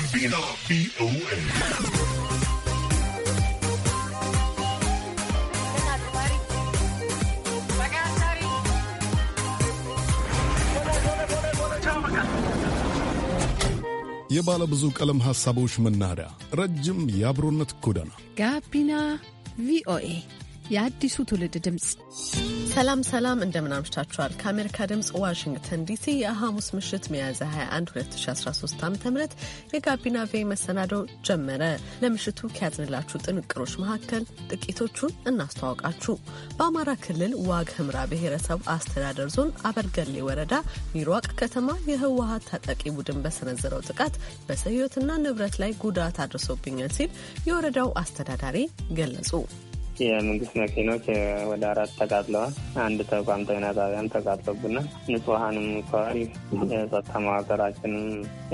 ጋቢና ቪኦኤ የባለ ብዙ ቀለም ሐሳቦች መናኸሪያ ረጅም የአብሮነት ጎዳና ጋቢና ቪኦኤ የአዲሱ ትውልድ ድምፅ። ሰላም ሰላም፣ እንደምናምሽታችኋል። ከአሜሪካ ድምፅ ዋሽንግተን ዲሲ የሐሙስ ምሽት ሚያዝያ 21 2013 ዓ ም የጋቢና ቬ መሰናደው ጀመረ። ለምሽቱ ከያዝንላችሁ ጥንቅሮች መካከል ጥቂቶቹን እናስተዋውቃችሁ። በአማራ ክልል ዋግ ህምራ ብሔረሰብ አስተዳደር ዞን አበርገሌ ወረዳ ሚሯቅ ከተማ የህወሀት ታጣቂ ቡድን በሰነዘረው ጥቃት በሰው ህይወትና ንብረት ላይ ጉዳት አድርሶብኛል ሲል የወረዳው አስተዳዳሪ ገለጹ። የመንግስት መኪኖች ወደ አራት ተቃጥለዋል። አንድ ተቋም ጤና ጣቢያም ተቃጥሎብናል። ንጹሀንም እንኳ የጸጥታ መዋቅራችንም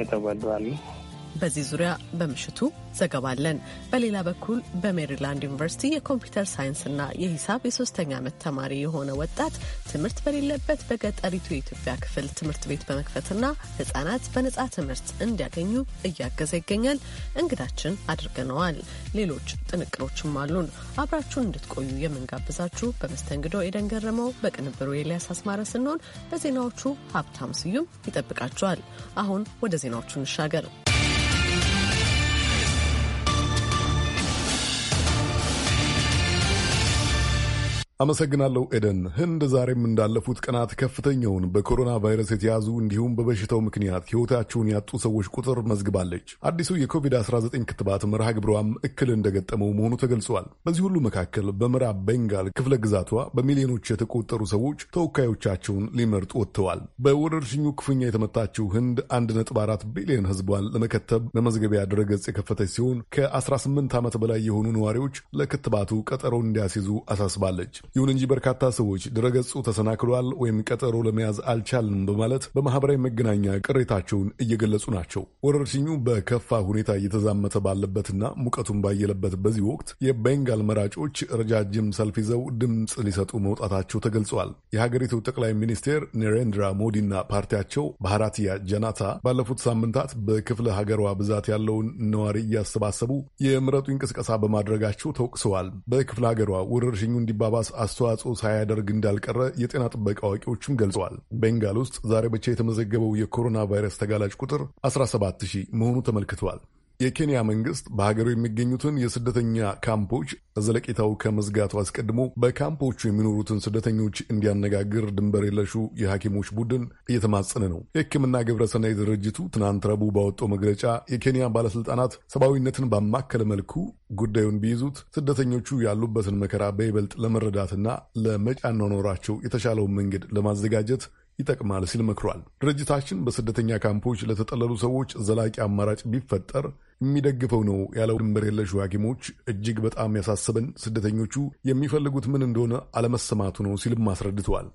የተጎዱ አሉ። በዚህ ዙሪያ በምሽቱ ዘገባለን። በሌላ በኩል በሜሪላንድ ዩኒቨርሲቲ የኮምፒውተር ሳይንስና የሂሳብ የሶስተኛ ዓመት ተማሪ የሆነ ወጣት ትምህርት በሌለበት በገጠሪቱ የኢትዮጵያ ክፍል ትምህርት ቤት በመክፈትና ህጻናት በነጻ ትምህርት እንዲያገኙ እያገዘ ይገኛል። እንግዳችን አድርገነዋል። ሌሎች ጥንቅሮችም አሉን። አብራችሁን እንድትቆዩ የምንጋብዛችሁ በመስተንግዶ ኤደን ገረመው፣ በቅንብሩ ኤልያስ አስማረ ስንሆን፣ በዜናዎቹ ሀብታም ስዩም ይጠብቃችኋል። አሁን ወደ ዜናዎቹ እንሻገር። አመሰግናለሁ ኤደን። ህንድ ዛሬም እንዳለፉት ቀናት ከፍተኛውን በኮሮና ቫይረስ የተያዙ እንዲሁም በበሽታው ምክንያት ሕይወታቸውን ያጡ ሰዎች ቁጥር መዝግባለች። አዲሱ የኮቪድ-19 ክትባት መርሃ ግብሯም እክል እንደገጠመው መሆኑ ተገልጿል። በዚህ ሁሉ መካከል በምዕራብ ቤንጋል ክፍለ ግዛቷ በሚሊዮኖች የተቆጠሩ ሰዎች ተወካዮቻቸውን ሊመርጡ ወጥተዋል። በወረርሽኙ ክፉኛ የተመታችው ህንድ 1.4 ቢሊዮን ህዝቧን ለመከተብ በመዝገቢያ ድረገጽ የከፈተች ሲሆን ከ18 ዓመት በላይ የሆኑ ነዋሪዎች ለክትባቱ ቀጠሮ እንዲያስይዙ አሳስባለች። ይሁን እንጂ በርካታ ሰዎች ድረገጹ ተሰናክሏል ወይም ቀጠሮ ለመያዝ አልቻልንም በማለት በማህበራዊ መገናኛ ቅሬታቸውን እየገለጹ ናቸው። ወረርሽኙ በከፋ ሁኔታ እየተዛመተ ባለበትና ሙቀቱን ባየለበት በዚህ ወቅት የቤንጋል መራጮች ረጃጅም ሰልፍ ይዘው ድምፅ ሊሰጡ መውጣታቸው ተገልጿል። የሀገሪቱ ጠቅላይ ሚኒስቴር ኔሬንድራ ሞዲና ፓርቲያቸው ባህራትያ ጀናታ ባለፉት ሳምንታት በክፍለ ሀገሯ ብዛት ያለውን ነዋሪ እያሰባሰቡ የምረጡ እንቅስቀሳ በማድረጋቸው ተወቅሰዋል። በክፍለ ሀገሯ ወረርሽኙ እንዲባባስ አስተዋጽኦ ሳያደርግ እንዳልቀረ የጤና ጥበቃ አዋቂዎችም ገልጸዋል። ቤንጋል ውስጥ ዛሬ ብቻ የተመዘገበው የኮሮና ቫይረስ ተጋላጭ ቁጥር 17 ሺህ መሆኑ ተመልክተዋል። የኬንያ መንግስት በሀገሩ የሚገኙትን የስደተኛ ካምፖች ዘለቂታው ከመዝጋቱ አስቀድሞ በካምፖቹ የሚኖሩትን ስደተኞች እንዲያነጋግር ድንበር የለሹ የሐኪሞች ቡድን እየተማጸነ ነው። የሕክምና ግብረሰናይ ድርጅቱ ትናንት ረቡዕ ባወጣው መግለጫ የኬንያ ባለስልጣናት ሰብአዊነትን ባማከለ መልኩ ጉዳዩን ቢይዙት ስደተኞቹ ያሉበትን መከራ በይበልጥ ለመረዳትና ለመጪ የተሻለውን መንገድ ለማዘጋጀት ይጠቅማል ሲል መክሯል። ድርጅታችን በስደተኛ ካምፖች ለተጠለሉ ሰዎች ዘላቂ አማራጭ ቢፈጠር የሚደግፈው ነው ያለው ድንበር የለሹ ሐኪሞች እጅግ በጣም ያሳሰበን ስደተኞቹ የሚፈልጉት ምን እንደሆነ አለመሰማቱ ነው ሲልም አስረድተዋል።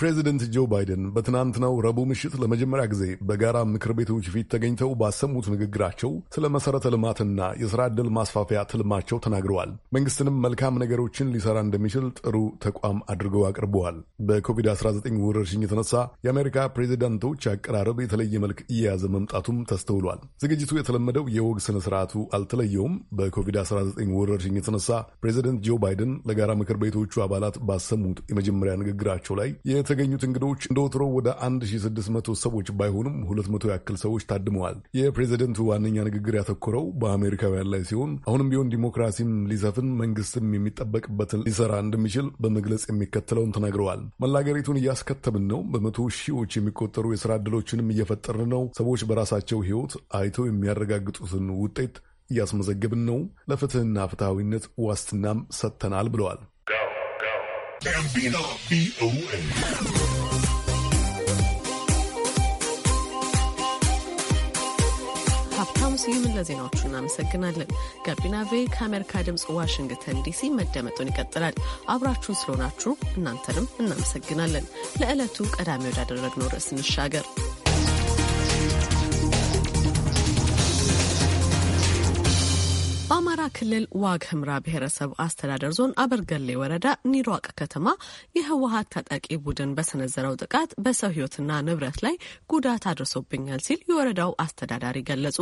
ፕሬዚደንት ጆ ባይደን በትናንትናው ረቡዕ ምሽት ለመጀመሪያ ጊዜ በጋራ ምክር ቤቶች ፊት ተገኝተው ባሰሙት ንግግራቸው ስለ መሠረተ ልማትና የሥራ ዕድል ማስፋፊያ ትልማቸው ተናግረዋል። መንግሥትንም መልካም ነገሮችን ሊሠራ እንደሚችል ጥሩ ተቋም አድርገው አቅርበዋል። በኮቪድ-19 ወረርሽኝ የተነሳ የአሜሪካ ፕሬዚዳንቶች አቀራረብ የተለየ መልክ እየያዘ መምጣቱም ተስተውሏል። ዝግጅቱ የተለመደው የወግ ሥነ ሥርዓቱ አልተለየውም። በኮቪድ-19 ወረርሽኝ የተነሳ ፕሬዚደንት ጆ ባይደን ለጋራ ምክር ቤቶቹ አባላት ባሰሙት የመጀመሪያ ንግግራቸው ላይ የተገኙት እንግዶች እንደ ወትሮ ወደ 1600 ሰዎች ባይሆኑም 200 ያክል ሰዎች ታድመዋል። የፕሬዚደንቱ ዋነኛ ንግግር ያተኮረው በአሜሪካውያን ላይ ሲሆን አሁንም ቢሆን ዲሞክራሲም ሊሰፍን መንግስትም የሚጠበቅበትን ሊሰራ እንደሚችል በመግለጽ የሚከተለውን ተናግረዋል። መላገሪቱን እያስከተብን ነው። በመቶ ሺዎች የሚቆጠሩ የስራ ዕድሎችንም እየፈጠርን ነው። ሰዎች በራሳቸው ህይወት አይተው የሚያረጋግጡትን ውጤት እያስመዘገብን ነው። ለፍትህና ፍትሐዊነት ዋስትናም ሰጥተናል ብለዋል። ጋቢና ቪኦኤ ሀብታሙ ስዩምን ለዜናዎቹ እናመሰግናለን። ጋቢና ቬ ከአሜሪካ ድምፅ ዋሽንግተን ዲሲ መደመጡን ይቀጥላል። አብራችሁን ስለሆናችሁ እናንተንም እናመሰግናለን። ለዕለቱ ቀዳሚ ወዳደረግነው ርዕስ እንሻገር። በአማራ ክልል ዋግ ህምራ ብሔረሰብ አስተዳደር ዞን አበርገሌ ወረዳ ኒሯቅ ከተማ የህወሀት ታጣቂ ቡድን በሰነዘረው ጥቃት በሰው ህይወትና ንብረት ላይ ጉዳት አድርሶብኛል ሲል የወረዳው አስተዳዳሪ ገለጹ።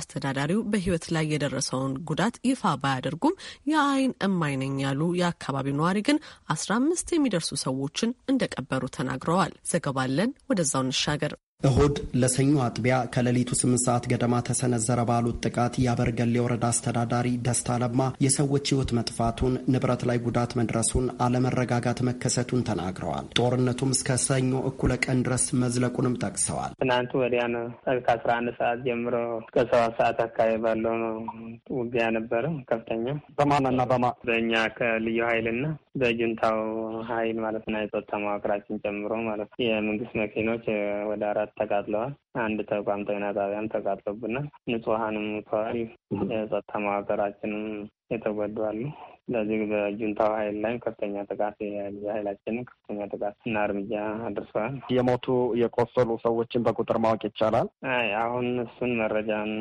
አስተዳዳሪው በህይወት ላይ የደረሰውን ጉዳት ይፋ ባያደርጉም የአይን እማኝ ነኝ ያሉ የአካባቢው ነዋሪ ግን አስራ አምስት የሚደርሱ ሰዎችን እንደቀበሩ ተናግረዋል። ዘገባለን ወደዛው እንሻገር። እሁድ ለሰኞ አጥቢያ ከሌሊቱ ስምንት ሰዓት ገደማ ተሰነዘረ ባሉት ጥቃት የአበርገሌ ወረዳ አስተዳዳሪ ደስታ ለማ የሰዎች ሕይወት መጥፋቱን፣ ንብረት ላይ ጉዳት መድረሱን፣ አለመረጋጋት መከሰቱን ተናግረዋል። ጦርነቱም እስከ ሰኞ እኩለ ቀን ድረስ መዝለቁንም ጠቅሰዋል። ትናንቱ ወዲያ ነው ከ አስራ አንድ ሰዓት ጀምሮ እስከ ሰባት ሰዓት አካባቢ ባለው ነው ውጊያ ነበረ። ከፍተኛ በማንና በማ በእኛ ከልዩ ኃይልና በጁንታው ኃይል ማለት ነው የጸጥታ መዋቅራችን ጨምሮ ማለት የመንግስት መኪኖች ወደ አራት ተቃጥለዋል። አንድ ተቋም ጤና ጣቢያም ተቃጥሎብናል። ንጹሀንም ሞተዋል። የጸጥታ መዋቅራችንም የተጎዱ አሉ። ስለዚህ በጁንታው ኃይል ላይም ከፍተኛ ጥቃት የኃይላችንም ከፍተኛ ጥቃት እና እርምጃ አድርሰዋል። የሞቱ የቆሰሉ ሰዎችን በቁጥር ማወቅ ይቻላል? አይ አሁን እሱን መረጃን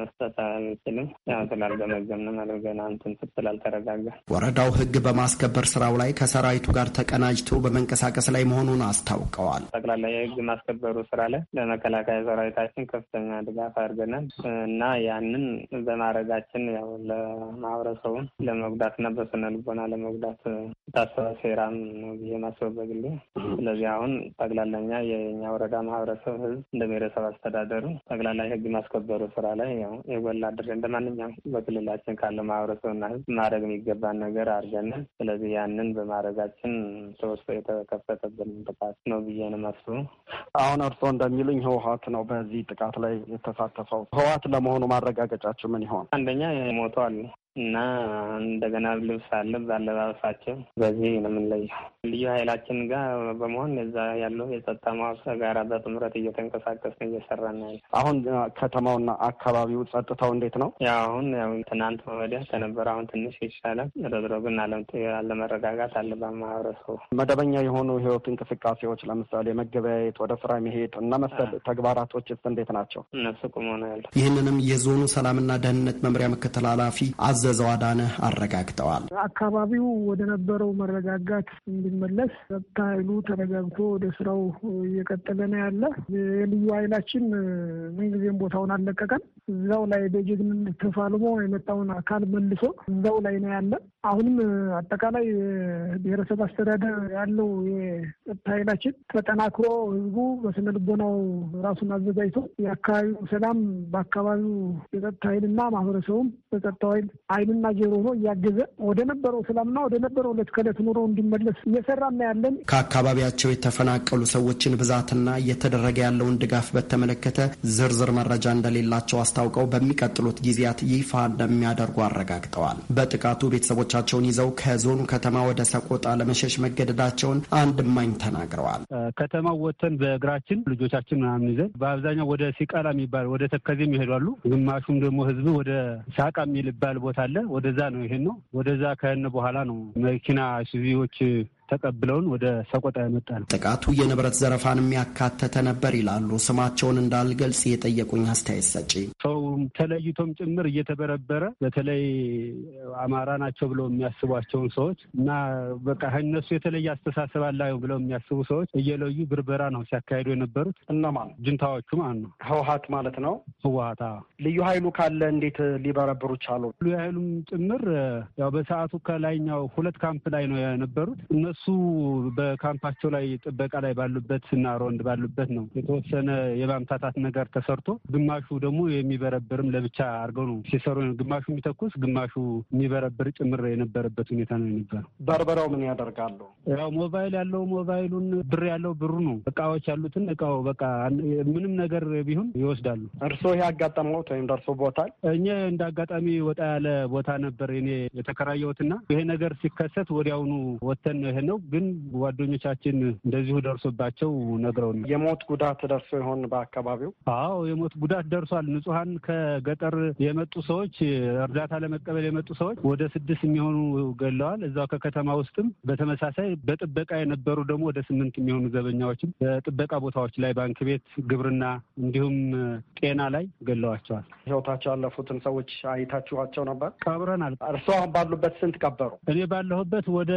መስጠት አንችልም። እንትን ስትል አልተረጋጋ። ወረዳው ህግ በማስከበር ስራው ላይ ከሰራዊቱ ጋር ተቀናጅቶ በመንቀሳቀስ ላይ መሆኑን አስታውቀዋል። ጠቅላላ የህግ ማስከበሩ ስራ ላይ ለመከላከያ ሰራዊታችን ከፍተኛ ድጋፍ አድርገናል እና ያንን በማድረጋችን ያው ለማህበረሰቡን ለመጉዳት እና በስነ ልቦና ለመጉዳት ታሰበ ሴራም ነው ብዬ ማስበው በግሌ። ስለዚህ አሁን ጠቅላላኛ የኛ ወረዳ ማህበረሰብ ህዝብ እንደ ብሔረሰብ አስተዳደሩ ጠቅላላ የህግ ማስከበሩ ስራ ላይ ያው የጎላ ድር እንደማንኛውም በክልላችን ካለ ማህበረሰብና ህዝብ ማድረግ የሚገባን ነገር አድርገናል። ስለዚህ ያንን በማድረጋችን ተወስቶ የተከፈተብን ጥቃት ነው ብዬ ነው አሁን እርስዎ እንደሚሉኝ ህወሀት ነው በዚህ ጥቃት ላይ የተሳተፈው። ህወሀት ለመሆኑ ማረጋገጫችሁ ምን ይሆን? አንደኛ ሞቷል። እና እንደገና ልብስ አለ። በአለባበሳቸው በዚህ ነው የምንለየው። ልዩ ኃይላችን ጋር በመሆን እዛ ያለው የጸጥታ ማብሰ ጋራ በጥምረት እየተንቀሳቀስን እየሰራን ያለ። አሁን ከተማውና አካባቢው ጸጥታው እንዴት ነው? ያ አሁን ያው ትናንት ወዲያ ከነበረ አሁን ትንሽ ይሻላል። ድሮ ግን አለመረጋጋት አለ በማህበረሰቡ። መደበኛ የሆኑ ህይወት እንቅስቃሴዎች ለምሳሌ መገበያየት፣ ወደ ስራ መሄድ እና መሰል ተግባራቶችስ እንዴት ናቸው? እነሱ ቁሞ ነው ይህንንም የዞኑ ሰላምና ደህንነት መምሪያ ምክትል ኃላፊ አዘ ዘዘው አዳነህ አረጋግጠዋል። አካባቢው ወደ ነበረው መረጋጋት እንዲመለስ ጸጥታ ኃይሉ ተረጋግቶ ወደ ስራው እየቀጠለ ነው ያለ። የልዩ ኃይላችን ምንጊዜም ቦታውን አልለቀቀም። እዛው ላይ በጀግን ተፋልሞ የመጣውን አካል መልሶ እዛው ላይ ነው ያለ። አሁንም አጠቃላይ ብሔረሰብ አስተዳደር ያለው የጸጥታ ኃይላችን ተጠናክሮ ህዝቡ በስነ ልቦናው ራሱን አዘጋጅቶ የአካባቢው ሰላም በአካባቢው የጸጥታ ኃይልና ማህበረሰቡም በጸጥታ ኃይል አይኑና ጆሮ ሆኖ እያገዘ ወደ ነበረው ሰላምና ወደ ነበረው ዕለት ከዕለት ኑሮ እንዲመለስ እየሰራ ያለን። ከአካባቢያቸው የተፈናቀሉ ሰዎችን ብዛትና እየተደረገ ያለውን ድጋፍ በተመለከተ ዝርዝር መረጃ እንደሌላቸው አስታውቀው በሚቀጥሉት ጊዜያት ይፋ እንደሚያደርጉ አረጋግጠዋል። በጥቃቱ ቤተሰቦቻቸውን ይዘው ከዞኑ ከተማ ወደ ሰቆጣ ለመሸሽ መገደዳቸውን አንድ እማኝ ተናግረዋል። ከተማው ወጥተን በእግራችን ልጆቻችን ምናምን ይዘን በአብዛኛው ወደ ሲቃላ የሚባል ወደ ተከዜም ይሄዳሉ። ግማሹም ደግሞ ህዝብ ወደ ሳቃ የሚባል ቦታ አለ። ወደዛ ነው ይሄን ነው ወደዛ ከህን በኋላ ነው መኪና ሱቪዎች ተቀብለውን ወደ ሰቆጣ ያመጣ ነው። ጥቃቱ የንብረት ዘረፋን የሚያካተተ ነበር ይላሉ ስማቸውን እንዳልገልጽ የጠየቁኝ አስተያየት ሰጪ። ሰውም ተለይቶም ጭምር እየተበረበረ በተለይ አማራ ናቸው ብለው የሚያስቧቸውን ሰዎች እና በቃ እነሱ የተለየ አስተሳሰብ አላዩ ብለው የሚያስቡ ሰዎች እየለዩ ብርበራ ነው ሲያካሂዱ የነበሩት። እነማን ጅንታዎቹ ማለት ነው? ህወሀት ማለት ነው። ህወሀት ልዩ ኃይሉ ካለ እንዴት ሊበረብሩ ቻሉ? ልዩ ሀይሉም ጭምር ያው በሰዓቱ ከላይኛው ሁለት ካምፕ ላይ ነው የነበሩት እነሱ እነሱ በካምፓቸው ላይ ጥበቃ ላይ ባሉበት እና ሮንድ ባሉበት ነው የተወሰነ የማምታታት ነገር ተሰርቶ፣ ግማሹ ደግሞ የሚበረብርም ለብቻ አድርገው ነው ሲሰሩ፣ ግማሹ የሚተኩስ ግማሹ የሚበረብር ጭምር የነበረበት ሁኔታ ነው የነበረው። በርበራው ምን ያደርጋሉ? ያው ሞባይል ያለው ሞባይሉን፣ ብር ያለው ብሩ ነው። እቃዎች ያሉትን እቃው በቃ ምንም ነገር ቢሆን ይወስዳሉ። እርስዎ ይህ ያጋጠመዎት ወይም ደርሶ ቦታል? እኛ እንደ አጋጣሚ ወጣ ያለ ቦታ ነበር እኔ የተከራየሁትና ይሄ ነገር ሲከሰት ወዲያውኑ ወተን ነው ነው። ግን ጓደኞቻችን እንደዚሁ ደርሶባቸው ነግረውን የሞት ጉዳት ደርሶ ይሆን በአካባቢው? አዎ የሞት ጉዳት ደርሷል። ንጹሐን ከገጠር የመጡ ሰዎች እርዳታ ለመቀበል የመጡ ሰዎች ወደ ስድስት የሚሆኑ ገለዋል። እዛው ከከተማ ውስጥም በተመሳሳይ በጥበቃ የነበሩ ደግሞ ወደ ስምንት የሚሆኑ ዘበኛዎችም በጥበቃ ቦታዎች ላይ ባንክ ቤት፣ ግብርና እንዲሁም ጤና ላይ ገለዋቸዋል። ህይወታቸው ያለፉትን ሰዎች አይታችኋቸው ነበር? ቀብረናል። እርስዎ ባሉበት ስንት ቀበሩ? እኔ ባለሁበት ወደ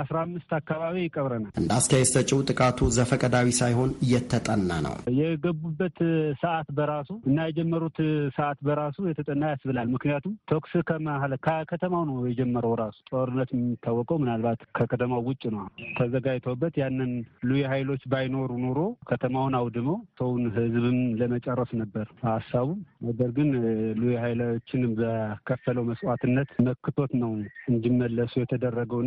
አስራ አምስት አካባቢ ይቀብረናል። እንደ አስተያየት ሰጪው ጥቃቱ ዘፈቀዳዊ ሳይሆን እየተጠና ነው። የገቡበት ሰዓት በራሱ እና የጀመሩት ሰዓት በራሱ የተጠና ያስብላል። ምክንያቱም ተኩስ ከመሀል ከከተማው ነው የጀመረው። ራሱ ጦርነት የሚታወቀው ምናልባት ከከተማው ውጭ ነው። ተዘጋጅተውበት ያንን ሉይ ኃይሎች ባይኖሩ ኑሮ ከተማውን አውድመው ሰውን ህዝብም ለመጨረስ ነበር ሀሳቡ። ነገር ግን ሉይ ኃይሎችን በከፈለው መስዋዕትነት መክቶት ነው እንዲመለሱ የተደረገውና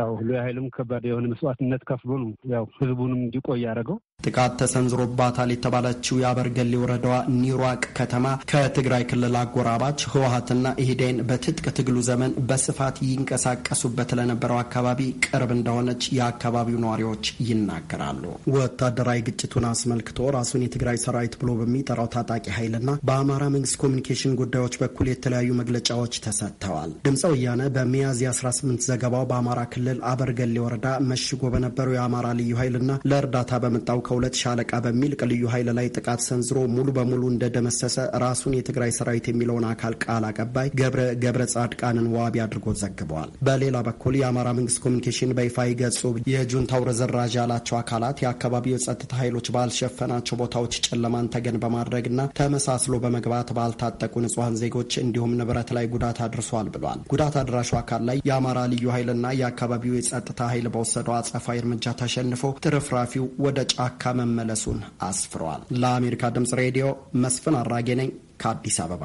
ያው ሉይ ኃይልም ከባድ የሆነ መስዋዕትነት ከፍሎ ነው ያው ህዝቡንም እንዲቆይ ያደረገው። ጥቃት ተሰንዝሮባታል የተባለችው የአበርገሌ ወረዳዋ ኒሯቅ ከተማ ከትግራይ ክልል አጎራባች ህወሀትና ኢህዴን በትጥቅ ትግሉ ዘመን በስፋት ይንቀሳቀሱበት ለነበረው አካባቢ ቅርብ እንደሆነች የአካባቢው ነዋሪዎች ይናገራሉ። ወታደራዊ ግጭቱን አስመልክቶ ራሱን የትግራይ ሰራዊት ብሎ በሚጠራው ታጣቂ ኃይልና በአማራ መንግስት ኮሚኒኬሽን ጉዳዮች በኩል የተለያዩ መግለጫዎች ተሰጥተዋል። ድምፀ ወያነ በሚያዝያ 18 ዘገባው በአማራ ክልል አበርገሌ ወረዳ መሽጎ በነበረው የአማራ ልዩ ኃይልና ለእርዳታ በመጣው ከሁለት ሻለቃ በሚል ከልዩ ኃይል ላይ ጥቃት ሰንዝሮ ሙሉ በሙሉ እንደደመሰሰ ራሱን የትግራይ ሰራዊት የሚለውን አካል ቃል አቀባይ ገብረ ገብረ ጻድቃንን ዋቢ አድርጎ ዘግበዋል። በሌላ በኩል የአማራ መንግስት ኮሚኒኬሽን በይፋዊ ገጹ የጁንታው ረዘራዥ ያላቸው አካላት የአካባቢው የጸጥታ ኃይሎች ባልሸፈናቸው ቦታዎች ጨለማን ተገን በማድረግና ተመሳስሎ በመግባት ባልታጠቁ ንጹሐን ዜጎች እንዲሁም ንብረት ላይ ጉዳት አድርሷል ብሏል። ጉዳት አድራሹ አካል ላይ የአማራ ልዩ ኃይልና የአካባቢው የጸጥታ ኃይል በወሰደው አጸፋ እርምጃ ተሸንፎ ትርፍራፊው ወደ ጫ ጫካ መመለሱን አስፍሯል። ለአሜሪካ ድምፅ ሬዲዮ መስፍን አራጌ ነኝ ከአዲስ አበባ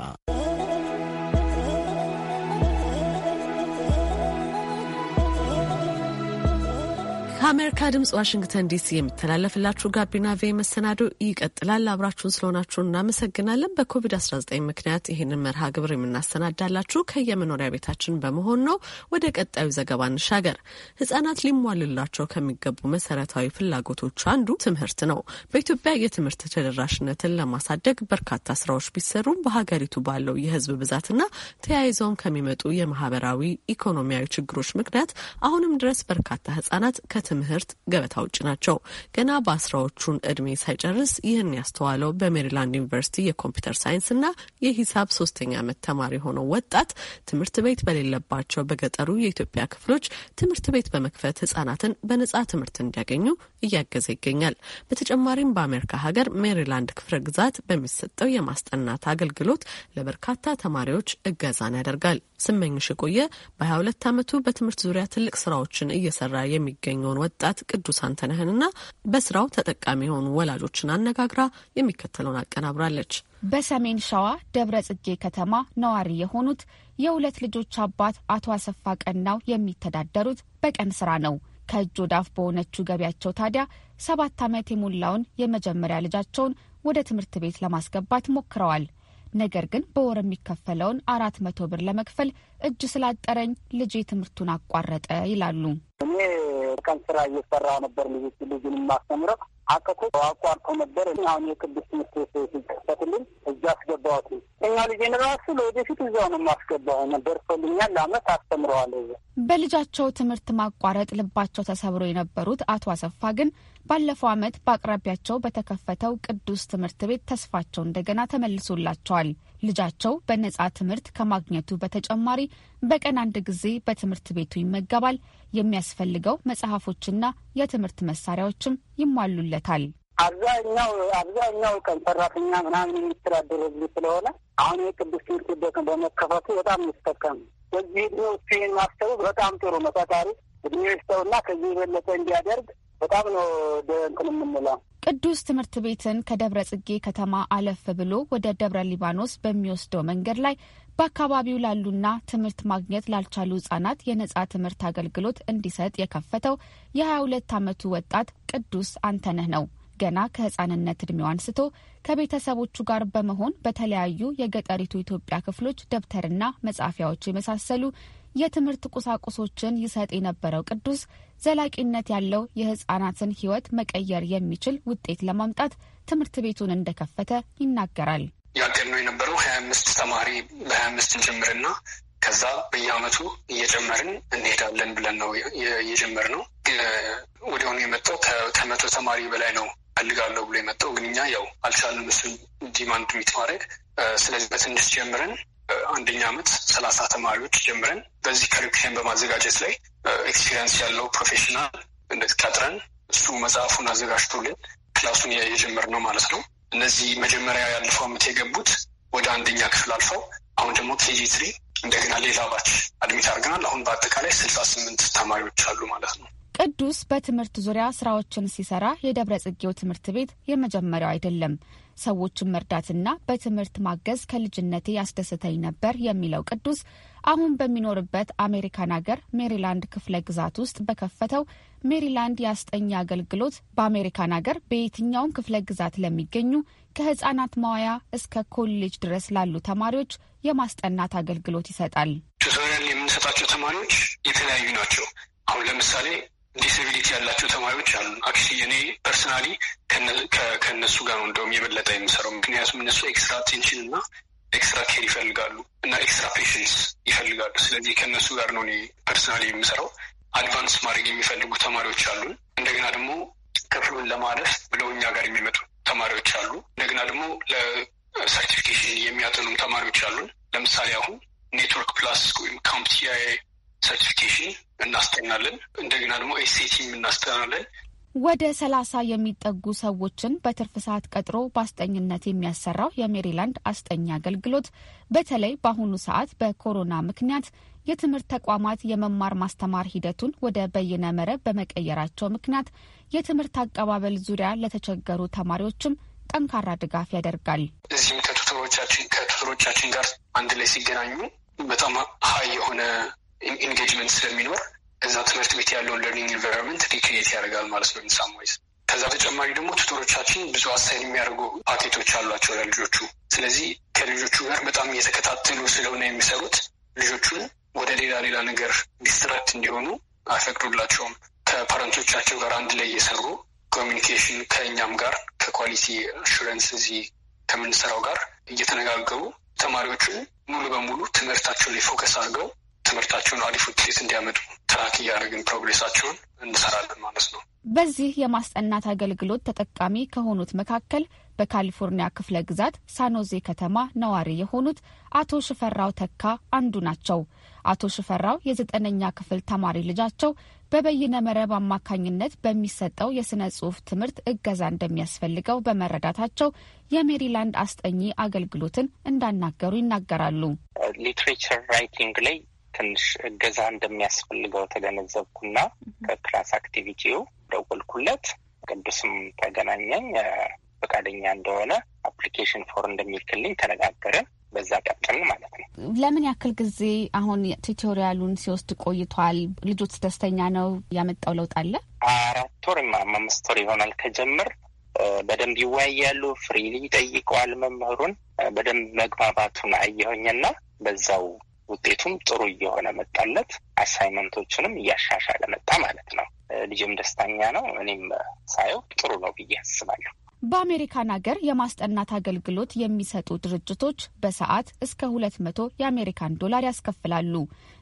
ከአሜሪካ ድምጽ ዋሽንግተን ዲሲ የሚተላለፍላችሁ ጋቢና ቬ መሰናዶ ይቀጥላል። አብራችሁን ስለሆናችሁ እናመሰግናለን። በኮቪድ-19 ምክንያት ይህንን መርሃ ግብር የምናሰናዳላችሁ ከየመኖሪያ ቤታችን በመሆን ነው። ወደ ቀጣዩ ዘገባ እንሻገር። ህጻናት ሊሟልላቸው ከሚገቡ መሰረታዊ ፍላጎቶች አንዱ ትምህርት ነው። በኢትዮጵያ የትምህርት ተደራሽነትን ለማሳደግ በርካታ ስራዎች ቢሰሩም በሀገሪቱ ባለው የህዝብ ብዛትና ተያይዘውም ከሚመጡ የማህበራዊ ኢኮኖሚያዊ ችግሮች ምክንያት አሁንም ድረስ በርካታ ህጻናት ከትምህርት ትምህርት ገበታ ውጭ ናቸው። ገና በአስራዎቹን እድሜ ሳይጨርስ ይህን ያስተዋለው በሜሪላንድ ዩኒቨርሲቲ የኮምፒውተር ሳይንስ እና የሂሳብ ሶስተኛ ዓመት ተማሪ የሆነው ወጣት ትምህርት ቤት በሌለባቸው በገጠሩ የኢትዮጵያ ክፍሎች ትምህርት ቤት በመክፈት ህጻናትን በነጻ ትምህርት እንዲያገኙ እያገዘ ይገኛል። በተጨማሪም በአሜሪካ ሀገር ሜሪላንድ ክፍለ ግዛት በሚሰጠው የማስጠናት አገልግሎት ለበርካታ ተማሪዎች እገዛን ያደርጋል። ስመኝሽ የቆየ በ22 ዓመቱ በትምህርት ዙሪያ ትልቅ ስራዎችን እየሰራ የሚገኘውን ወጣት ቅዱስ አንተነህንና በስራው ተጠቃሚ የሆኑ ወላጆችን አነጋግራ የሚከተለውን አቀናብራለች። በሰሜን ሸዋ ደብረ ጽጌ ከተማ ነዋሪ የሆኑት የሁለት ልጆች አባት አቶ አሰፋ ቀናው የሚተዳደሩት በቀን ስራ ነው። ከእጅ ወዳፍ በሆነችው ገቢያቸው ታዲያ ሰባት ዓመት የሞላውን የመጀመሪያ ልጃቸውን ወደ ትምህርት ቤት ለማስገባት ሞክረዋል። ነገር ግን በወር የሚከፈለውን አራት መቶ ብር ለመክፈል እጅ ስላጠረኝ ልጄ ትምህርቱን አቋረጠ ይላሉ። እኔ ቀን ስራ እየሰራ ነበር ልጅ ልጅን ማስተምረው አቀኩ አቋርጦ ነበር። አሁን የቅዱስ ትምህርት ቤት ሲከፈትልኝ እዛ አስገባዋት። እኛ ልጅ ራሱ ለወደፊት እዛው ነው የማስገባው ነበር ሶልኛል። ለአመት አስተምረዋል። በልጃቸው ትምህርት ማቋረጥ ልባቸው ተሰብሮ የነበሩት አቶ አሰፋ ግን ባለፈው ዓመት በአቅራቢያቸው በተከፈተው ቅዱስ ትምህርት ቤት ተስፋቸው እንደገና ተመልሶላቸዋል። ልጃቸው በነጻ ትምህርት ከማግኘቱ በተጨማሪ በቀን አንድ ጊዜ በትምህርት ቤቱ ይመገባል። የሚያስፈልገው መጽሐፎችና የትምህርት መሳሪያዎችም ይሟሉለታል። አብዛኛው አብዛኛው ቀን ሰራተኛ ምናምን የሚተዳደረብኝ ስለሆነ አሁን የቅዱስ ትምህርት ቤት በመከፈቱ በጣም ይስጠቀም በዚህ እድሜ ውስጥ ማሰቡ በጣም ጥሩ ነው። እድሜ ይስጠውና ከዚህ የበለጠ እንዲያደርግ በጣም ነው እንትን የምንለው። ቅዱስ ትምህርት ቤትን ከደብረ ጽጌ ከተማ አለፍ ብሎ ወደ ደብረ ሊባኖስ በሚወስደው መንገድ ላይ በአካባቢው ላሉና ትምህርት ማግኘት ላልቻሉ ህጻናት የነጻ ትምህርት አገልግሎት እንዲሰጥ የከፈተው የ22 ዓመቱ ወጣት ቅዱስ አንተነህ ነው። ገና ከህጻንነት እድሜው አንስቶ ከቤተሰቦቹ ጋር በመሆን በተለያዩ የገጠሪቱ ኢትዮጵያ ክፍሎች ደብተርና መጻፊያዎች የመሳሰሉ የትምህርት ቁሳቁሶችን ይሰጥ የነበረው ቅዱስ ዘላቂነት ያለው የሕፃናትን ህይወት መቀየር የሚችል ውጤት ለማምጣት ትምህርት ቤቱን እንደከፈተ ይናገራል። ያገር ነው የነበረው ሀያ አምስት ተማሪ በሀያ አምስት እንጀምርና ከዛ በየአመቱ እየጀመርን እንሄዳለን ብለን ነው እየጀመር ነው። ወዲያውኑ የመጣው ከመቶ ተማሪ በላይ ነው ፈልጋለሁ ብሎ የመጣው ግን እኛ ያው አልቻልንም እሱን ዲማንድ ሚት ማድረግ። ስለዚህ በትንሽ ጀምረን አንደኛ ዓመት ሰላሳ ተማሪዎች ጀምረን በዚህ ከሪኩሌም በማዘጋጀት ላይ ኤክስፒሪንስ ያለው ፕሮፌሽናል እንደት ቀጥረን እሱ መጽሐፉን አዘጋጅቶልን ክላሱን ነው ማለት ነው። እነዚህ መጀመሪያ ያለፈው ዓመት የገቡት ወደ አንደኛ ክፍል አልፈው አሁን ደግሞ ኬጂ ትሪ እንደገና ሌላ ባች አድሚት አድርገናል። አሁን በአጠቃላይ ስልሳ ስምንት ተማሪዎች አሉ ማለት ነው። ቅዱስ በትምህርት ዙሪያ ስራዎችን ሲሰራ የደብረ ጽጌው ትምህርት ቤት የመጀመሪያው አይደለም። ሰዎችን መርዳትና በትምህርት ማገዝ ከልጅነቴ ያስደስተኝ ነበር የሚለው ቅዱስ አሁን በሚኖርበት አሜሪካን ሀገር ሜሪላንድ ክፍለ ግዛት ውስጥ በከፈተው ሜሪላንድ የአስጠኝ አገልግሎት በአሜሪካን ሀገር በየትኛውም ክፍለ ግዛት ለሚገኙ ከህጻናት መዋያ እስከ ኮሌጅ ድረስ ላሉ ተማሪዎች የማስጠናት አገልግሎት ይሰጣል። ቱቶሪያል የምንሰጣቸው ተማሪዎች የተለያዩ ናቸው። አሁን ለምሳሌ ዲስብሊቲ ያላቸው ተማሪዎች አሉ። አክቹዋሊ እኔ ፐርስናሊ ከእነሱ ጋር ነው እንደውም የበለጠ የምሰራው። ምክንያቱም እነሱ ኤክስትራ ቴንሽን እና ኤክስትራ ኬር ይፈልጋሉ እና ኤክስትራ ፔሽንስ ይፈልጋሉ። ስለዚህ ከእነሱ ጋር ነው እኔ ፐርስናሊ የምሰራው። አድቫንስ ማድረግ የሚፈልጉ ተማሪዎች አሉን። እንደገና ደግሞ ክፍሉን ለማለፍ ብለው እኛ ጋር የሚመጡ ተማሪዎች አሉ። እንደገና ደግሞ ለሰርቲፊኬሽን የሚያጠኑም ተማሪዎች አሉን። ለምሳሌ አሁን ኔትወርክ ፕላስ ወይም ካምፕቲ ሰርቲፊኬሽን እናስጠናለን። እንደገና ደግሞ ኤስቲም እናስጠናለን። ወደ ሰላሳ የሚጠጉ ሰዎችን በትርፍ ሰዓት ቀጥሮ በአስጠኝነት የሚያሰራው የሜሪላንድ አስጠኝ አገልግሎት በተለይ በአሁኑ ሰዓት በኮሮና ምክንያት የትምህርት ተቋማት የመማር ማስተማር ሂደቱን ወደ በይነ መረብ በመቀየራቸው ምክንያት የትምህርት አቀባበል ዙሪያ ለተቸገሩ ተማሪዎችም ጠንካራ ድጋፍ ያደርጋል። እዚህም ከቱቶሮቻችን ጋር አንድ ላይ ሲገናኙ በጣም ሀይ የሆነ ኢንጌጅመንት ስለሚኖር እዛ ትምህርት ቤት ያለውን ለርኒንግ ኢንቫይሮንመንት ሪክሬት ያደርጋል ማለት ነው ኢንሳሞይዝ። ከዛ ተጨማሪ ደግሞ ቱቶሮቻችን ብዙ አሳይን የሚያደርጉ ፓኬቶች አሏቸው ለልጆቹ። ስለዚህ ከልጆቹ ጋር በጣም እየተከታተሉ ስለሆነ የሚሰሩት ልጆቹን ወደ ሌላ ሌላ ነገር ዲስትራክት እንዲሆኑ አይፈቅዱላቸውም። ከፓረንቶቻቸው ጋር አንድ ላይ እየሰሩ ኮሚኒኬሽን ከእኛም ጋር ከኳሊቲ አሹረንስ እዚህ ከምንሰራው ጋር እየተነጋገሩ ተማሪዎቹን ሙሉ በሙሉ ትምህርታቸው ላይ ፎከስ አድርገው ትምህርታቸውን አሪፍ ውጤት እንዲያመጡ ትራክ እያደረግን ፕሮግሬሳቸውን እንሰራለን ማለት ነው። በዚህ የማስጠናት አገልግሎት ተጠቃሚ ከሆኑት መካከል በካሊፎርኒያ ክፍለ ግዛት ሳኖዜ ከተማ ነዋሪ የሆኑት አቶ ሽፈራው ተካ አንዱ ናቸው። አቶ ሽፈራው የዘጠነኛ ክፍል ተማሪ ልጃቸው በበይነ መረብ አማካኝነት በሚሰጠው የስነ ጽሁፍ ትምህርት እገዛ እንደሚያስፈልገው በመረዳታቸው የሜሪላንድ አስጠኚ አገልግሎትን እንዳናገሩ ይናገራሉ። ሊትሬቸር ራይቲንግ ላይ ትንሽ እገዛ እንደሚያስፈልገው ተገነዘብኩና ከክላስ አክቲቪቲው ደወልኩለት። ቅዱስም ተገናኘኝ። ፈቃደኛ እንደሆነ አፕሊኬሽን ፎር እንደሚልክልኝ ተነጋገርን። በዛ ቀጥል ማለት ነው። ለምን ያክል ጊዜ አሁን ቱቶሪያሉን ሲወስድ ቆይቷል? ልጆች ደስተኛ ነው? ያመጣው ለውጥ አለ? አራት ወር አምስት ወር ይሆናል ከጀምር በደንብ ይወያያሉ። ፍሪሊ ይጠይቀዋል መምህሩን በደንብ መግባባቱን አየሁኝና በዛው ውጤቱም ጥሩ እየሆነ መጣለት። አሳይመንቶችንም እያሻሻለ መጣ ማለት ነው። ልጅም ደስተኛ ነው። እኔም ሳየው ጥሩ ነው ብዬ አስባለሁ። በአሜሪካን ሀገር የማስጠናት አገልግሎት የሚሰጡ ድርጅቶች በሰዓት እስከ ሁለት መቶ የአሜሪካን ዶላር ያስከፍላሉ።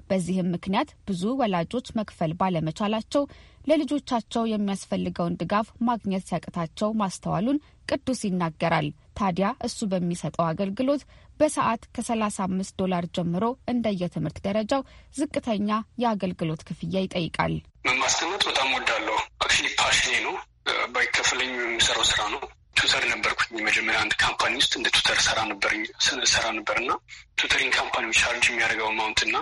በዚህም ምክንያት ብዙ ወላጆች መክፈል ባለመቻላቸው ለልጆቻቸው የሚያስፈልገውን ድጋፍ ማግኘት ሲያቅታቸው ማስተዋሉን ቅዱስ ይናገራል። ታዲያ እሱ በሚሰጠው አገልግሎት በሰዓት ከ35 ዶላር ጀምሮ እንደየትምህርት ደረጃው ዝቅተኛ የአገልግሎት ክፍያ ይጠይቃል። ማስቀመጥ በጣም ወዳለሁ። አክቹዋሊ ፓሽኔ ነው። ባይከፍለኝ የሚሰራው ስራ ነው። ቱተር ነበርኩኝ መጀመሪያ አንድ ካምፓኒ ውስጥ እንደ ቱተር ሰራ ነበር ሰራ ነበር እና ቱተሪንግ ካምፓኒ ቻርጅ የሚያደርገው አማውንት እና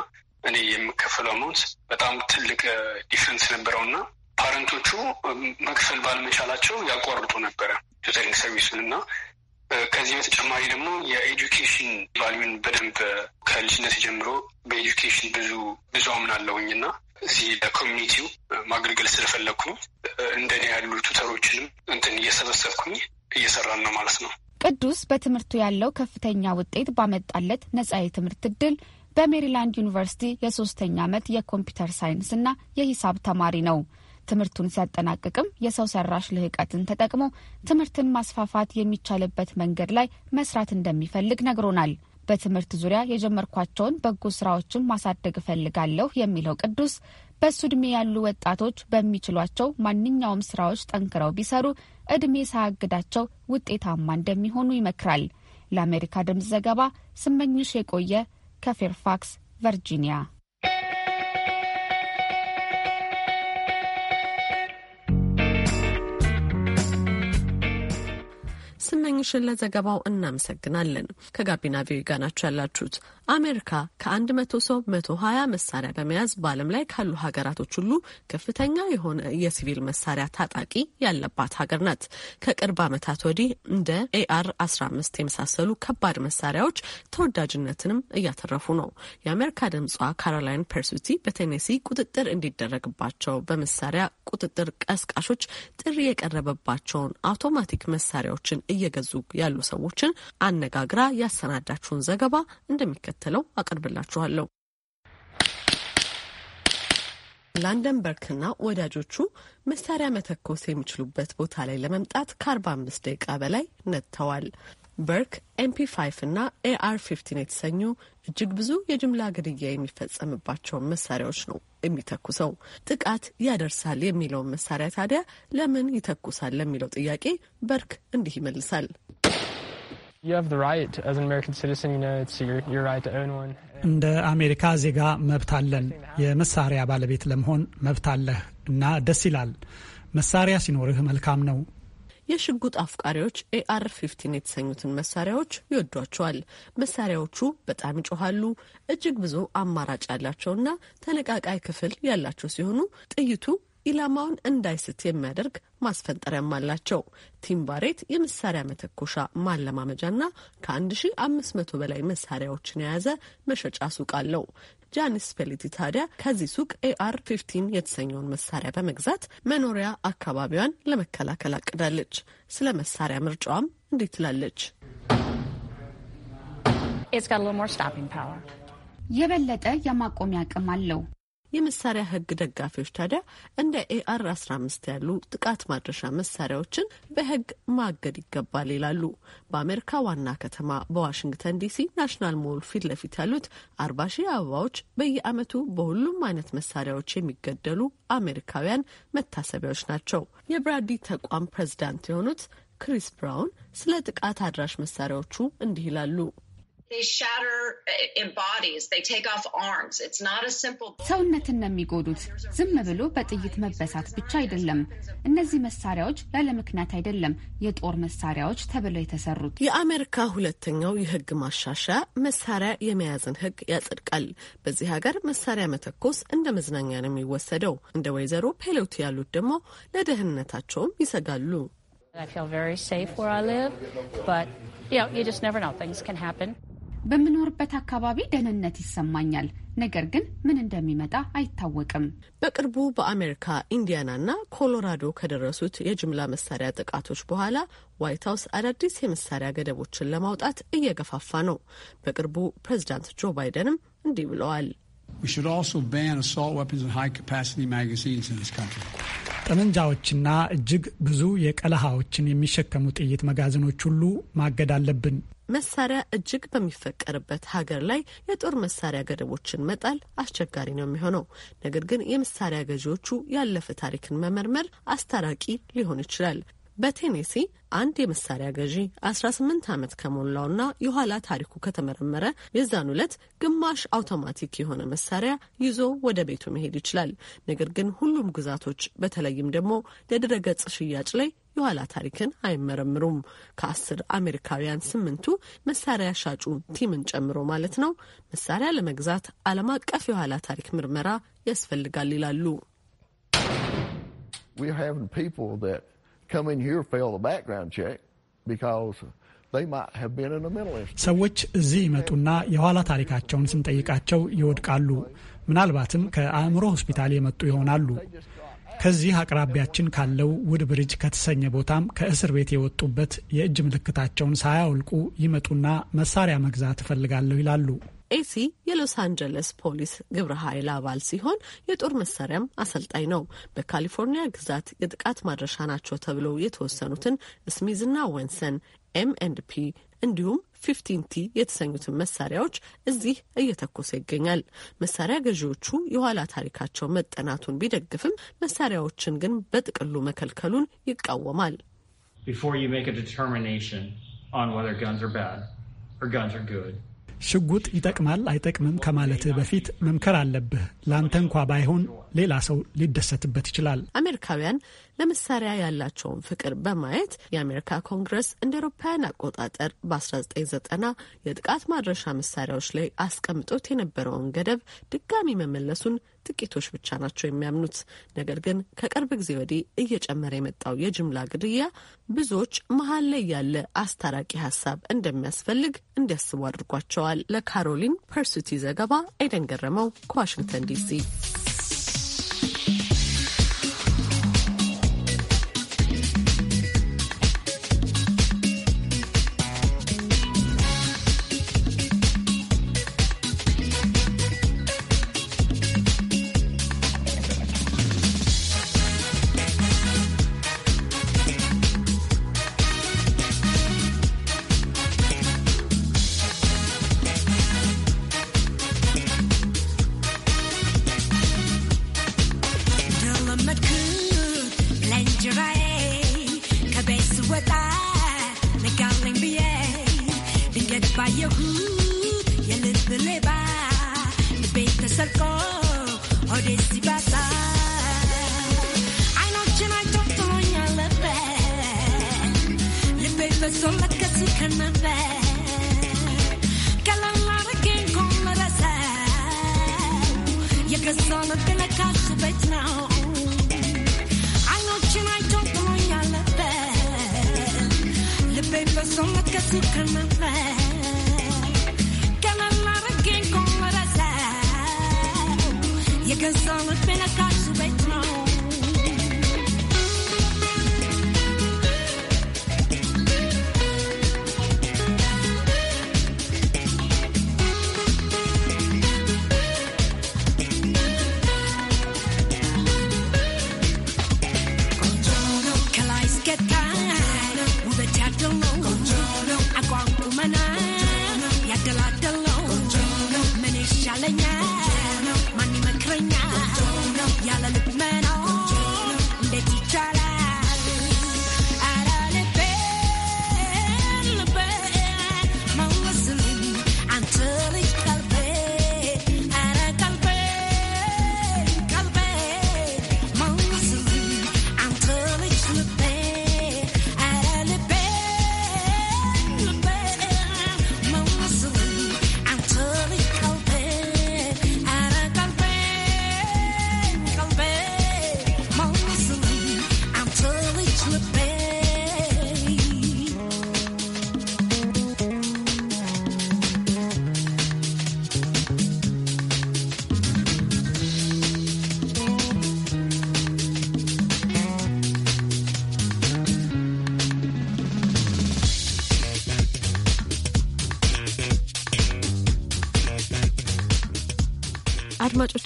እኔ የምከፈለው አማውንት በጣም ትልቅ ዲፍረንስ ነበረው እና ፓረንቶቹ መክፈል ባለመቻላቸው ያቋርጡ ነበረ ቱተሪንግ ሰርቪሱን እና ከዚህ በተጨማሪ ደግሞ የኤዱኬሽን ቫሊዩን በደንብ ከልጅነት ጀምሮ በኤዱኬሽን ብዙ ብዙ አምናለሁኝ እና እዚህ ለኮሚኒቲው ማገልገል ስለፈለግኩ ነው። እንደኔ ያሉ ቱተሮችንም እንትን እየሰበሰብኩኝ እየሰራን ነው ማለት ነው። ቅዱስ በትምህርቱ ያለው ከፍተኛ ውጤት ባመጣለት ነጻ የትምህርት እድል በሜሪላንድ ዩኒቨርሲቲ የሶስተኛ ዓመት የኮምፒውተር ሳይንስና የሂሳብ ተማሪ ነው። ትምህርቱን ሲያጠናቅቅም የሰው ሰራሽ ልህቀትን ተጠቅሞ ትምህርትን ማስፋፋት የሚቻልበት መንገድ ላይ መስራት እንደሚፈልግ ነግሮናል። በትምህርት ዙሪያ የጀመርኳቸውን በጎ ስራዎችን ማሳደግ እፈልጋለሁ የሚለው ቅዱስ በእሱ ዕድሜ ያሉ ወጣቶች በሚችሏቸው ማንኛውም ስራዎች ጠንክረው ቢሰሩ እድሜ ሳያግዳቸው ውጤታማ እንደሚሆኑ ይመክራል። ለአሜሪካ ድምፅ ዘገባ ስመኝሽ የቆየ ከፌርፋክስ ቨርጂኒያ ስዩምሽን ለዘገባው እናመሰግናለን። ከጋቢና ቪኦኤ ጋር ናችሁ ያላችሁት። አሜሪካ ከአንድ መቶ ሰው መቶ ሀያ መሳሪያ በመያዝ በዓለም ላይ ካሉ ሀገራቶች ሁሉ ከፍተኛ የሆነ የሲቪል መሳሪያ ታጣቂ ያለባት ሀገር ናት። ከቅርብ ዓመታት ወዲህ እንደ ኤአር 15 የመሳሰሉ ከባድ መሳሪያዎች ተወዳጅነትንም እያተረፉ ነው። የአሜሪካ ድምጿ ካሮላይን ፐርሱቲ በቴኔሲ ቁጥጥር እንዲደረግባቸው በመሳሪያ ቁጥጥር ቀስቃሾች ጥሪ የቀረበባቸውን አውቶማቲክ መሳሪያዎችን እየገዙ እየገዙ ያሉ ሰዎችን አነጋግራ ያሰናዳችሁን ዘገባ እንደሚከተለው አቀርብላችኋለሁ። ላንደንበርግና ወዳጆቹ መሳሪያ መተኮስ የሚችሉበት ቦታ ላይ ለመምጣት ከአርባ አምስት ደቂቃ በላይ ነጥተዋል። በርክ ኤምፒ 5 እና ኤአር ፊፍቲን የተሰኙ እጅግ ብዙ የጅምላ ግድያ የሚፈጸምባቸውን መሳሪያዎች ነው የሚተኩሰው። ጥቃት ያደርሳል የሚለውን መሳሪያ ታዲያ ለምን ይተኩሳል ለሚለው ጥያቄ በርክ እንዲህ ይመልሳል። እንደ አሜሪካ ዜጋ መብት አለን። የመሳሪያ ባለቤት ለመሆን መብት አለህ እና ደስ ይላል። መሳሪያ ሲኖርህ መልካም ነው። የሽጉጥ አፍቃሪዎች ኤአር ፊፍቲን የተሰኙትን መሳሪያዎች ይወዷቸዋል። መሳሪያዎቹ በጣም ይጮኋሉ፣ እጅግ ብዙ አማራጭ ያላቸውና ተነቃቃይ ክፍል ያላቸው ሲሆኑ ጥይቱ ኢላማውን እንዳይስት የሚያደርግ ማስፈንጠሪያም አላቸው። ቲምባሬት የመሳሪያ መተኮሻ ማለማመጃና ከ1500 በላይ መሳሪያዎችን የያዘ መሸጫ ሱቅ አለው። ጃኒስ ፌሊቲ ታዲያ ከዚህ ሱቅ ኤአር 15 የተሰኘውን መሳሪያ በመግዛት መኖሪያ አካባቢዋን ለመከላከል አቅዳለች። ስለ መሳሪያ ምርጫዋም እንዲህ ትላለች። የበለጠ የማቆሚያ አቅም አለው። የመሳሪያ ህግ ደጋፊዎች ታዲያ እንደ ኤአር 15 ያሉ ጥቃት ማድረሻ መሳሪያዎችን በህግ ማገድ ይገባል ይላሉ። በአሜሪካ ዋና ከተማ በዋሽንግተን ዲሲ ናሽናል ሞል ፊት ለፊት ያሉት አርባ ሺህ አበባዎች በየዓመቱ በሁሉም አይነት መሳሪያዎች የሚገደሉ አሜሪካውያን መታሰቢያዎች ናቸው። የብራዲ ተቋም ፕሬዚዳንት የሆኑት ክሪስ ብራውን ስለ ጥቃት አድራሽ መሳሪያዎቹ እንዲህ ይላሉ። ሰውነትን ነው የሚጎዱት። ዝም ብሎ በጥይት መበሳት ብቻ አይደለም። እነዚህ መሳሪያዎች ያለምክንያት አይደለም የጦር መሳሪያዎች ተብለው የተሰሩት። የአሜሪካ ሁለተኛው የህግ ማሻሻያ መሳሪያ የመያዝን ህግ ያጸድቃል። በዚህ ሀገር መሳሪያ መተኮስ እንደ መዝናኛ ነው የሚወሰደው። እንደ ወይዘሮ ፔሎት ያሉት ደግሞ ለደህንነታቸውም ይሰጋሉ። I feel very safe where I live, but you know, you just never know. Things can happen. በምኖርበት አካባቢ ደህንነት ይሰማኛል። ነገር ግን ምን እንደሚመጣ አይታወቅም። በቅርቡ በአሜሪካ ኢንዲያናና ኮሎራዶ ከደረሱት የጅምላ መሳሪያ ጥቃቶች በኋላ ዋይት ሀውስ አዳዲስ የመሳሪያ ገደቦችን ለማውጣት እየገፋፋ ነው። በቅርቡ ፕሬዚዳንት ጆ ባይደንም እንዲህ ብለዋል። ጠመንጃዎችና እጅግ ብዙ የቀለሃዎችን የሚሸከሙ ጥይት መጋዘኖች ሁሉ ማገድ አለብን። መሳሪያ እጅግ በሚፈቀርበት ሀገር ላይ የጦር መሳሪያ ገደቦችን መጣል አስቸጋሪ ነው የሚሆነው። ነገር ግን የመሳሪያ ገዢዎቹ ያለፈ ታሪክን መመርመር አስታራቂ ሊሆን ይችላል። በቴኔሲ አንድ የመሳሪያ ገዢ 18 ዓመት ከሞላውና የኋላ ታሪኩ ከተመረመረ የዛን ዕለት ግማሽ አውቶማቲክ የሆነ መሳሪያ ይዞ ወደ ቤቱ መሄድ ይችላል። ነገር ግን ሁሉም ግዛቶች በተለይም ደግሞ ለድረገጽ ሽያጭ ላይ የኋላ ታሪክን አይመረምሩም። ከአስር አሜሪካውያን ስምንቱ መሳሪያ ሻጩ ቲምን ጨምሮ ማለት ነው መሳሪያ ለመግዛት ዓለም አቀፍ የኋላ ታሪክ ምርመራ ያስፈልጋል ይላሉ። ሰዎች እዚህ ይመጡና የኋላ ታሪካቸውን ስንጠይቃቸው ይወድቃሉ። ምናልባትም ከአእምሮ ሆስፒታል የመጡ ይሆናሉ። ከዚህ አቅራቢያችን ካለው ውድ ብሪጅ ከተሰኘ ቦታም ከእስር ቤት የወጡበት የእጅ ምልክታቸውን ሳያወልቁ ይመጡና መሳሪያ መግዛት እፈልጋለሁ ይላሉ። ኤሲ የሎስ አንጀለስ ፖሊስ ግብረ ኃይል አባል ሲሆን የጦር መሳሪያም አሰልጣኝ ነው። በካሊፎርኒያ ግዛት የጥቃት ማድረሻ ናቸው ተብለው የተወሰኑትን ስሚዝና ወንሰን ኤም ኤንድ ፒ እንዲሁም ፊፍቲንቲ የተሰኙትን መሳሪያዎች እዚህ እየተኮሰ ይገኛል። መሳሪያ ገዢዎቹ የኋላ ታሪካቸው መጠናቱን ቢደግፍም መሳሪያዎችን ግን በጥቅሉ መከልከሉን ይቃወማል። ሽጉጥ ይጠቅማል አይጠቅምም ከማለትህ በፊት መምከር አለብህ። ለአንተ እንኳ ባይሆን ሌላ ሰው ሊደሰትበት ይችላል። አሜሪካውያን ለመሳሪያ ያላቸውን ፍቅር በማየት የአሜሪካ ኮንግረስ እንደ አውሮፓውያን አቆጣጠር በ1990 የጥቃት ማድረሻ መሳሪያዎች ላይ አስቀምጦት የነበረውን ገደብ ድጋሚ መመለሱን ጥቂቶች ብቻ ናቸው የሚያምኑት። ነገር ግን ከቅርብ ጊዜ ወዲህ እየጨመረ የመጣው የጅምላ ግድያ ብዙዎች መሀል ላይ ያለ አስታራቂ ሀሳብ እንደሚያስፈልግ እንዲያስቡ አድርጓቸዋል። ለካሮሊን ፐርሱቲ ዘገባ አይደን ገረመው ከዋሽንግተን ዲሲ Sola che si canna che la mare che come la sei, e che sono che la caccia betnao. A notte mai tocco non ha la pelle, le pepe sono che si canna che la mare che come la sei, e che sono che la caccia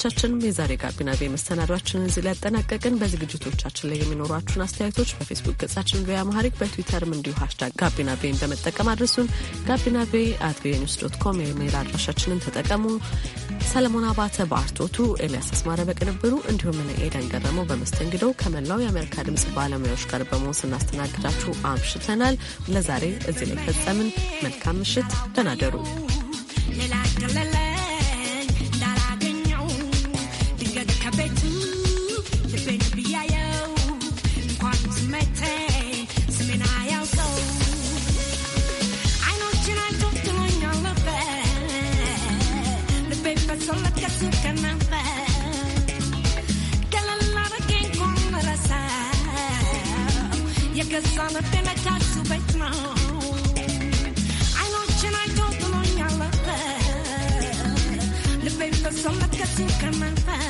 አድማጮቻችንም የዛሬ ጋቢና ቤ መሰናዷችንን እዚህ ላይ ያጠናቀቅን። በዝግጅቶቻችን ላይ የሚኖሯችሁን አስተያየቶች በፌስቡክ ገጻችን ቪኦኤ አማሪክ በትዊተርም እንዲሁ ሀሽታግ ጋቢና ቤን በመጠቀም አድርሱን። ጋቢና ቤ አት ቪኦኤ ኒውስ ዶት ኮም የሜል አድራሻችንን ተጠቀሙ። ሰለሞን አባተ በአርቶቱ፣ ኤልያስ አስማረ በቅንብሩ እንዲሁም እኔ ኤደን ገረመው በመስተንግዶው ከመላው የአሜሪካ ድምጽ ባለሙያዎች ጋር በመሆን ስናስተናግዳችሁ አምሽተናል። ለዛሬ እዚህ ላይ ፈጸምን። መልካም ምሽት፣ ደህና ደሩ። su